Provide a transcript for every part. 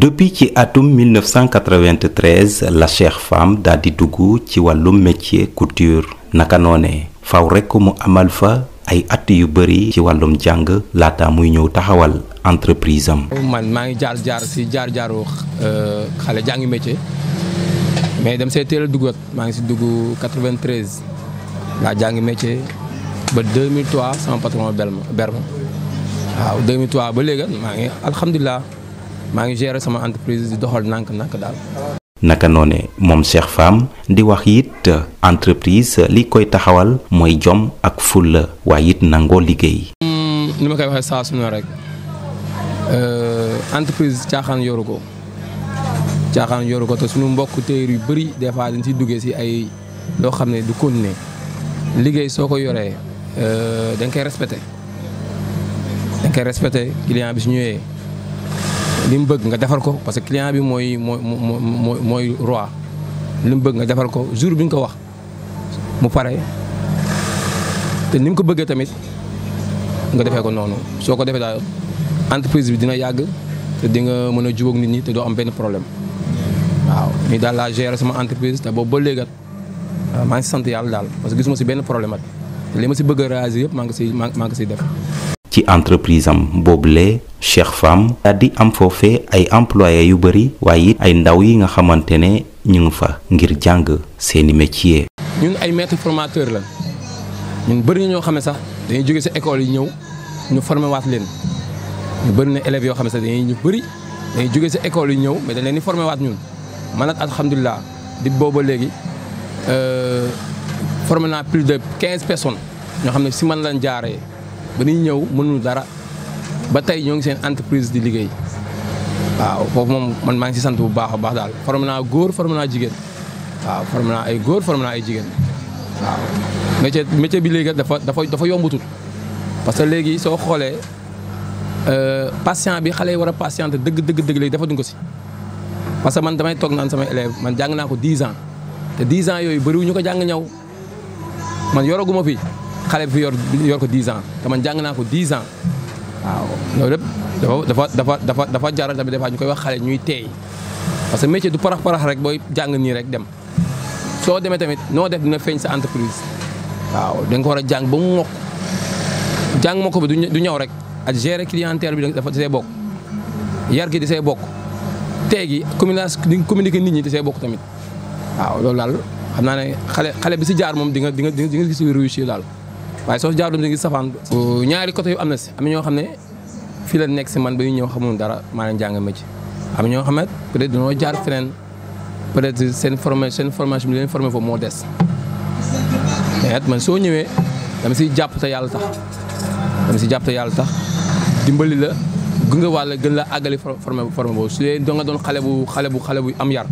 depuis ci atum 1993 la Cheikh Femme daal di dugg ci wàllum métier couture naka noone faw rekk mu amal fa ay at yu bëri ci wàllum jàng laata muy ñëw taxawal entreprise am. man maa ngi jaar jaar si jaar jaaru euh, xale jaa ngi métier mais dem see teel a maa ngi si dugg 93 laa jàngi métier ba 2003 sama patron ber ma waaw ba léegi maa ngi alhamdulilah. maa ngi gérer sama entreprise di doxal nànk-nànk daal. naka noone moom Cheikh Fam di wax it entreprise li koy taxawal mooy jom ak fulla waaye it nangoo liggéey. Mm, ni ma koy waxee saa su ne rek euh, entreprise caaxaan yoru ko caaxaan yoru ko te suñu mbokk téer yu bëri des fois dañ ciy duggee si ay loo xam ne du ne liggéey soo ko yoree euh, da nga koy respecté da nga koy bi su ñëwee. li mu bëgg nga defar ko parce que client bi mooy mooy mooy mooy roi li mu bëgg nga defar ko jour bi nga ko wax mu pare te ni mu ko bëggee tamit nga defee ko noonu soo ko defee daal entreprise bi dina yàgg te di nga mën a jubóog nit ñi te doo am benn problème waaw ni daal laa gérer sama entreprise te boobu ba léegat ah, maa ngi sant yàlla daal parce que gisuma si benn problème at li ma si bëgg a réaliser yëpp maa ngi si maa ngi siy def ci entreprise am boobule Cheikh Fam daldi am foofee ay employés yu bari waaye it ay ndaw yi nga xamante ne ñu fa ngir jàng seeni métier. ñun ay maître formateur la ñun bëri na ñoo xam ne sax dañuy jóge si école yu ñëw ñu formé leen ñu bëri na élèves yoo xam ne sax dañuy ñu bëri dañuy jóge sa école yi ñëw mais dañ leen di waat ñun man nag alhamdulilah di booba léegi euh, forme naa plus de quinze personnes ñoo xam ne si man lañ jaaree. ba ñuy ñëw mënul dara ba tey ñoo ngi seen entreprise di liggéey waaw foofu moom man maa ngi si sant bu baax a baax daal formé naa góor formé naa jigéen waaw formé naa ay góor formé naa ay jigéen waaw métier métier bi léegi dafa dafa dafa yombutul parce que léegi soo xoolee euh, patient bi xale yi war a patiente dëgg dëgg dëgg léegi dafa duñ ko si parce que man damay toog naan sama élève man jàng naa ko 10 ans te 10 ans yooyu bëriwu ko jàng ñaw man yoraguma fi xale bi fi yor yor ko 10 ans te man jàng naa ko 10 ans waaw loolu lépp dafa dafa dafa dafa jaral tamit dafa ñu koy wax xale ñuy teey parce que métier du parax parax rek booy jàng nii rek dem soo demee tamit noo def dina feeñ sa entreprise waaw da nga ko a jàng ba mu mokk jàng mokk bi du ñëw rek ak gérer clientèle bi dafa di bokk yar gi di bokk tey gi communication di communiquer nit ñi di see bokk tamit waaw loolu daal xam naa ne xale xale bi si jaar moom di nga di nga réussir daal. waaye soo jaarul ngi safaan ñaari côté yu am na si am ñoo xam ne fii la nekk si man ba ñëw xamuñ dara maa leen jàng métier am ñoo xam ne peut être dañoo jaar feneen peut être seen formé formation bi leen formé foofu moo des et man soo ñëwee dama siy jàpp te yàlla tax dama siy jàpp te yàlla tax dimbali la gunge wàll gën la àggali formé formé boobu su dee doo nga doon xale bu xale bu xale bu am yar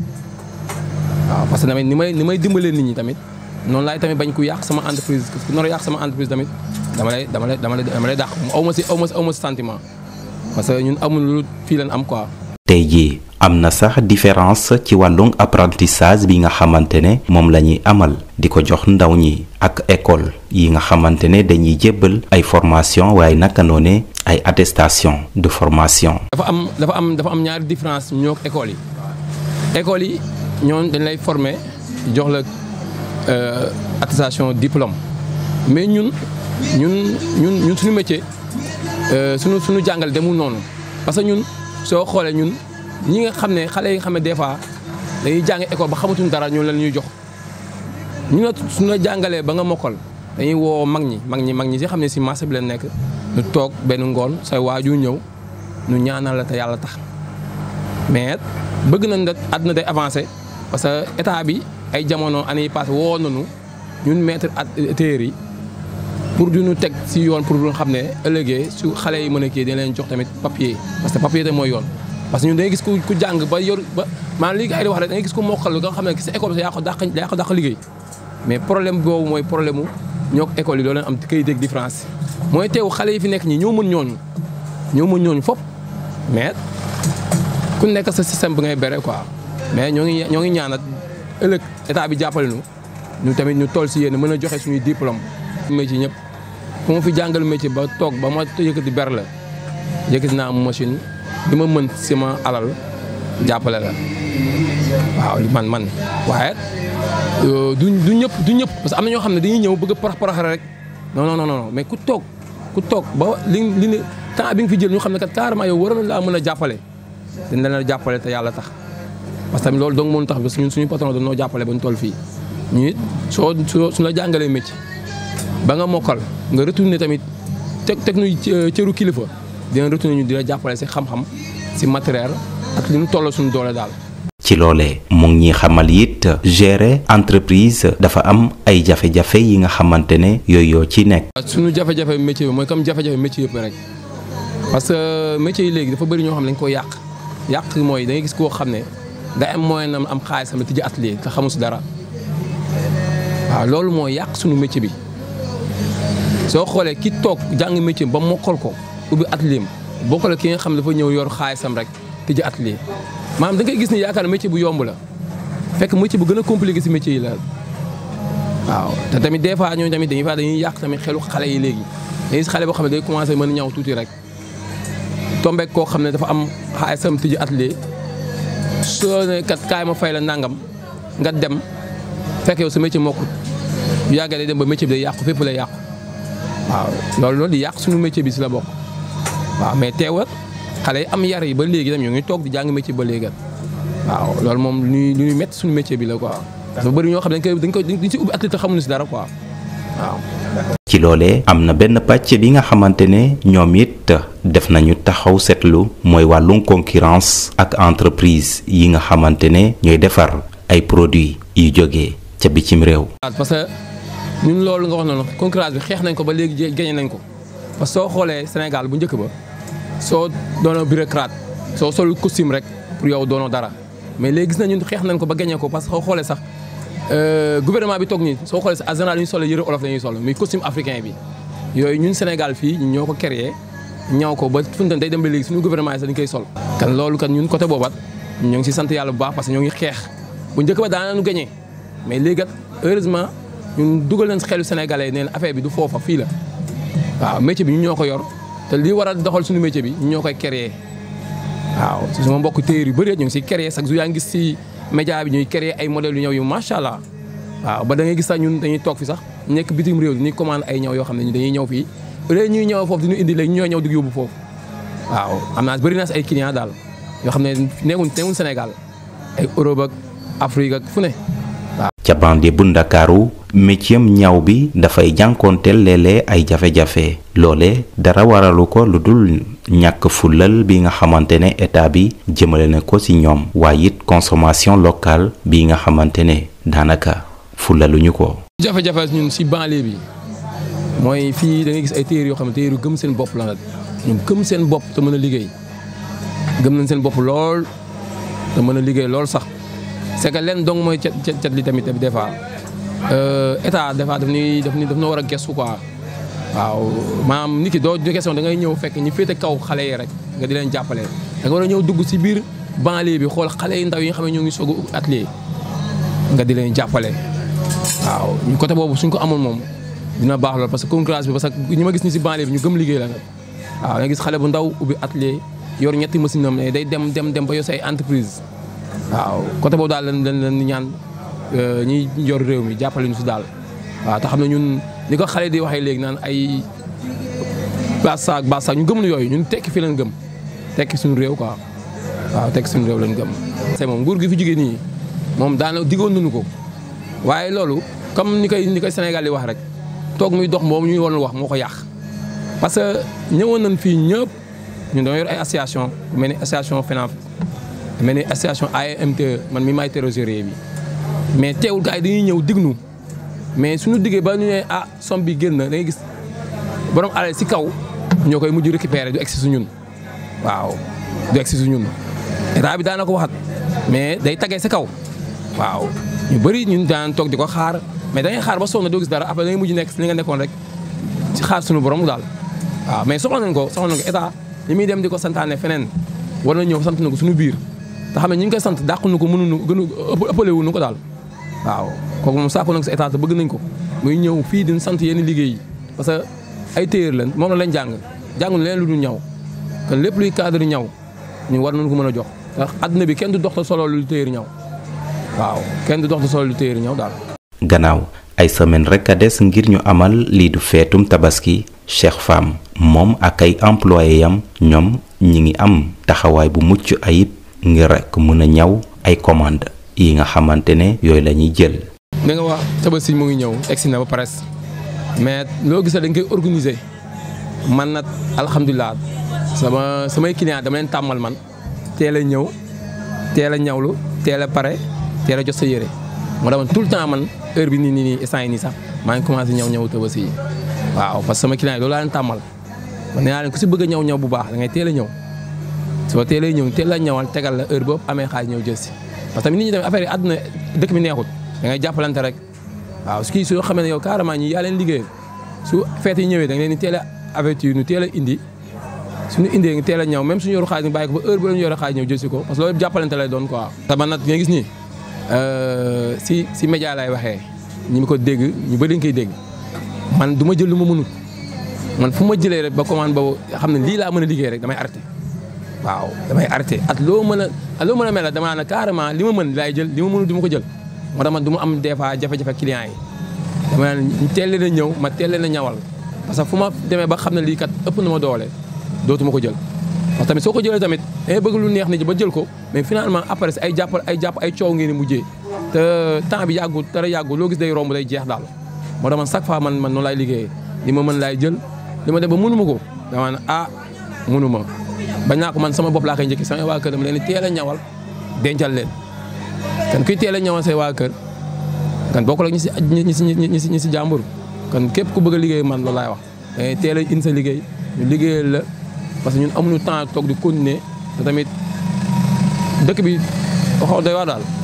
waaw parce que ni may dimbalee nit ñi tamit noonu laay tamit bañ ku yàq sama entreprise sama entreprise tamit dama lay dama lay dama lay dama lay dàq aw ma si aw ma si sentiment parce que ñun amul lu fii leen am quoi. tey jii am na sax différence ci wàllum apprentissage bi nga xamante ne moom la ñuy amal di ko jox ndaw ñi ak école yi nga xamante ne dañuy jébbal ay formation waaye naka noone ay atestation de formation. dafa am dafa am dafa am ñaari différence ñoo école yi école yi ñoom dañ lay former jox la. Euh, attestation diplôme mais ñun ñun ñun ñun suñu métier euh, suñu suñu jàngal demul noonu parce que ñun soo xoolee ñun ñi nga xam ne xale yi nga xam ne des fois dañuy jàng école ba xamatuñ dara ñoo leen ñuy jox ñun ne suñu jàngalee ba nga mokkal dañuy woo mag ñi mag ñi mag ñi si xam ne si marché bi leen nekk ñu toog benn ngoon say waaju ñëw ñu ñaanal la te yàlla tax mais bëgg nañ nag àdduna day avancé parce ay jamono année yi passé woo nañu ñun maître acteurs yi pour duñu teg si yoon pour lu xam ne ëllëgee su xale yi mën a kii leen jox tamit papier parce que papier te mooy yoon parce que ñun dañuy gis ku ku jàng ba yor ba maanaam li wax rek dañuy gis ku mokkal nga xam ne sa école yaa ko dàq yaa ko dàq liggéey mais problème boobu mooy problème mu ñoo école yi doo leen am kayit ak différence mooy teew xale yi fi nekk ñi ñoo mën ñooñu ñoo mën ñooñu fop mais ku nekk sa système bi ngay bere quoi mais ëllëg état bi jàppale ñu tamit ñu toll si yéen mën a joxe suñuy diplôme. métier ñëpp fu ma fi jàngal métier ba toog ba ma yëkkati ber la yëkkati naa am machine bi ma mën sama alal jàppale la waaw man man waaye euh, du du ñëpp du ñëpp parce que am ñoo xam ne dañuy ñëw bëgg a parax parax rek non non mais ku toog ku toog ba li li temps bi nga fi jël ñu xam ne kat carrément yow a laa mën a jàppale dañ la jàppale te yàlla tax. parce que tamit loolu dong moo tax parce suñu patron dañoo jàppale ba ñu toll fii ñu it soo su la jàngalee métier ba nga mokkal nga retourné tamit teg teg nuy cëru kilifa dina retourné ñu di jàppale si xam-xam si matériel ak li ñu toll suñu doole daal. ci loolee mu ngi ñuy xamal it gérer entreprise dafa am ay jafe-jafe yi nga xamante ne yooyu yoo ci nekk. suñu jafe-jafe métier bi mooy comme jafe-jafe métier yëpp rek parce que métier yi léegi dafa bëri ñoo xam ne dañ ko yàq yàq mooy da ngay gis koo xam ne. day am moyen am am xaalisam tijji atelier te xamu si dara waaw loolu moo yàq suñu métier bi soo xoolee ki toog jàng métier ba mokkal ko ubbi atelier am bokkale ki nga xam ne dafa ñëw yor xaalisam rek tijji atelier maanaam da ngay gis ni yaakaar métier bu yomb la fekk métier bu gën a compliqué si métier yi la waaw te tamit des fois ñooñu tamit dañuy fa dañuy yàq tamit xelu xale yi léegi dañuy gis xale boo xam ne day commencé mën a ñaw tuuti rek tombeek koo xam ne dafa am xaalisam tijji atelier soo ne kat kaay ma fay la nangam nga dem fekk yow sa métier moo ko yàggalee dem ba métier bi day yàqu fépp la yàqu waaw loolu loolu di yàq suñu métier bi si la bokk waaw mais teewal xale yi am yar yi ba léegi nag ñu ngi toog di jàng métier ba léegi waaw loolu moom lu ñuy lu ñuy métti suñu métier bi la quoi. dafa bari ñoo xam ne dañ koy dañ koy dañ si ubbi at li te xamuñu si dara quoi waaw. ci loole am na benn pàcc bi nga xamante ne ñoom it def nañu taxaw seetlu mooy wàllum concurrence ak entreprise yi nga xamante ne ñooy defar ay produits yu jóge ca bitim réew. parce que ñun loolu nga wax noonu concurrence bi xeex nañ ko ba léegi gañe nañ ko parce soo xoolee Sénégal bu njëkk ba soo doonoo bureaucrate soo solu costume rek pour yow doonoo dara mais léegi gis nañu xeex nañ ko ba gañe ko parce que soo xoolee sax. Euh, gouvernement bi toog nii soo xoolee en général ñu sol yëre olof la ñuy sol muy costume africain bi yooyu ñun Sénégal fii ñoo ko créé ñaw ko ba fu day dem ba léegi suñu gouvernement dañu koy sol. kan loolu kat ñun côté boobat ñoo ngi si sant yàlla bu baax parce que ñoo ngi njëkk ba daanañu gagné mais léegi kat heureusement ñun dugal leen si xelu sénégalais neen affaire bi du foofa fii la waaw métier bi ñu ñoo ko yor te li war a doxal suñu métier bi ñoo koy créé waaw sama mbokk téer yu bëri si créé chaque jour yaa ngi si média bi ñuy créer ay modèles yu ñëw yu macha allah waaw ba da ngay gis sax ñun dañuy toog fi sax nekk bitim réew dañuy commande ay ñëw yoo xam ne dañuy ñëw fii léegi ñuy ñëw foofu diñu indi léegi ñooy ñëw di yóbbu foofu waaw am naa bëri na ay clients daal yoo xam ne neewuñ neewuñ Sénégal ay Europe ak Afrique ak fu ne ca bande bu ndakaaru métiam ñaw bi dafay jànkoonteel léeg ay jafe-jafe loole dara waralu ko lu dul ñàkk fulal bi nga xamante ne état bi jëmale na ko ci ñoom waaye it consommation locale bi nga xamante ne daanaka fulaluñu ko. jafe-jafe ñun ci banlieue bi mooy fii da gis ay téer yoo xamante ne gëm seen bopp la ñu gëm seen bopp te mën a liggéey gëm nañ seen bopp lool te mën a liggéey lool sax. c'est que leen dong mooy cat cat li tamit des fois euh, état des fois nii ñuy daf ñuy daf war a ko quoi waaw maanaam nit ki doo du question da ngay ñëw fekk ñu féete kaw xale yi rek nga di leen jàppale da war a ñëw dugg si biir banlieue bi xool xale yu ndaw yi nga xam ne ñoo ngi soog a atelier nga di leen jàppale waaw ñu côté boobu suñ ko amoon moom dina baax lool parce que concurrence bi parce que ñi ma gis ni si banlieue bi ñu gëm liggéey la nga waaw da gis xale bu ndaw ubbi atelier yor ñetti machine am ne day dem dem dem ba yor say entreprise waaw côté boobu daal lañ lañ leen ñaan euh, ñi yor réew mi jàppale ñu si daal waaw te xam ne ñun ni ko xale di waxee léegi naan ay basaak basaak ñu gëmul yooyu ñun tekki fi lan gëm tekki suñu réew quoi waaw tekki suñu réew leen gëm. c'est moom nguur gi fu jugee nii moom daana diggoon nañu ko waaye loolu comme ni koy ni koy Sénégal di wax rek toog muy dox moom ñu waroon wax moo ko yàq parce que ñëwoon nañ fii ñëpp ñun dañoo yor ay association mel ni association finance mel ni association mt man mi maay trésorier bi mais teewul gars yi dañuy ñëw dignu mais suñu diggee ba ñu ne ah somme bi génn na da gis borom alal si kaw ñoo koy mujj récupérer du egg si su ñun waaw du si su ñun état bi daana ko waxat mais day tagee sa kaw waaw ñu bëri ñun daan toog di ko xaar mais dañ ngay xaar ba sonn doo gis dara après da ngay mujj nekk si li nga nekkoon rek ci xaar suñu borom daal waaw mais soxla nañ ko soxla nañ ko état li muy dem di ko santaane feneen war na ñëw sant na ko suñu biir te xam ne ñu ngi koy sant dàqunu ko mënuñu gënu ëppale wuñu ko daal waaw kooku moom saako nag sa état bëgg nañ ko muy ñëw fii di sant yenn liggéey yi parce que ay téyër lañ moom la lañ jàng jànguñ leen lu ñu ñaw kon lépp luy cadre ñaw ñu war nañu ko mën a jox ndax àdduna bi kenn du dox te solo lu téyër ñaw waaw kenn du dox te solo lu téyër ñaw daal. gannaaw ay semaine rek a des ngir ñu amal lii du feetum tabaski Cheikh Fam moom ak ay employé yam ñoom ñi ngi am taxawaay bu mucc ayib. ngir rek mën a ñaw ay commande yi nga xamante ne yooyu la ñuy jël. da nga wax tabaski mu ngi ñëw egsi na ba pare mais loo gisee dañ koy organiser man nag alhamdulilah sama samay client dama leen tàmmal man teel a ñëw teel a ñawlu teel a pare teel a jot sa yére moo tax man tout le temps man heure bi nii nii nii instant yi sax maa ngi commencé ñëw ñëw tabaski yi waaw parce que sama client yi loolu laa leen tàmmal man nee naa leen ku si bëgg a ñëw ñëw bu baax da ngay teel a ñëw. soo teelee ñëw teel la ñëwal tegal la heure boobu amee xaaj ñëw jël si parce que nit ñi tamit affaire yi àdduna dëkk bi neexut da ngay jàppalante rek waaw su kii soo xamee ne yow carrément ñi yaa leen su feet yi ñëwee da nga teel a avertir ñu teel a indi suñu indee nga teel a ñëw même suñu yoru xaaj nga bàyyi ko ba heure bu yor yore xaaj ñëw jël si ko parce que loolu jàppalante lay doon quoi te man nag nga gis nii euh, si si média lay waxee ñi mi ko dégg ñu bëri dégg man du ma jël lu ma mënut man fu ma jëlee rek ba commande boobu xam ne lii laa mën a liggéey rek damay arrêté waaw damay arrêté ak loo mën a ak mën mel la damaa carrément li ma mën laay jël li ma mënul du ko jël moo tax man du am des fois jafe-jafe client yi dama naan ñu ñëw ma leen a ñawal parce fu ma demee ba xam ne lii kat ëpp na ma doole dootuma ko jël parce soo ko jëlee tamit bëgg lu neex nit ñi ba jël ko mais finalement après ay jàppal ay jàpp ay coow ngeen ni mujjee bi yàggul dara yàggul loo gis day romb day jeex daal moo tax man chaque fois man man noonu laay liggéeyee li ma mën laay jël li ma dem ba mënu ko dama na ah mënu bañ naa ko man sama bopp laa koy njëkki sama waa kër dama leen teel a ñawal dencal leen kan kuy teel a ñawal say waa kër kan bokkul ak ñi si ñi si ñi si ñi si jàmbur kan képp ku bëgg a liggéey man loolu laay wax da teel a in sa liggéey ñu liggéeyal la parce que ñun amuñu temps toog di continuer te tamit dëkk bi xaw day wax daal